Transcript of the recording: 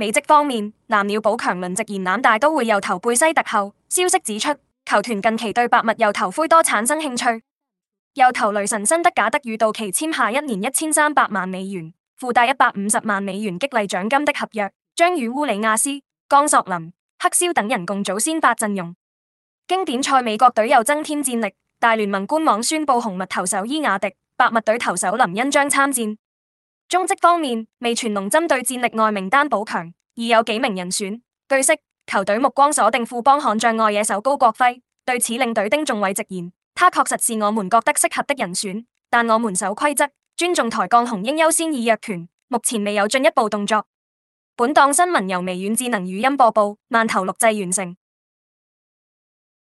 美職方面，藍鳥補強輪值，簽攬大都會右投貝西特後，消息指出，球團近期對白襪右投灰多產生興趣。右投雷神辛德賈德與道奇簽下一年一千三百萬美元，附帶一百五十萬美元激勵獎金的合約，將與烏里亞斯、岡索林、黑肖等人共組先發陣容。經典賽美國隊又增添戰力，大聯盟官網宣布紅襪投手伊亞迪、白襪隊投手林恩將參戰。中職方面，味全龍針對戰力外名單補強，已有幾名人選。據悉，球隊目光鎖定富邦悍將外野手高國輝。對此，領隊丁仲偉直言：他確實是我們覺得適合的人選，但我們守規則，尊重台鋼雄鷹優先議約權，目前未有進一步動作。本檔新聞由微軟智能語音播報，慢頭錄製完成。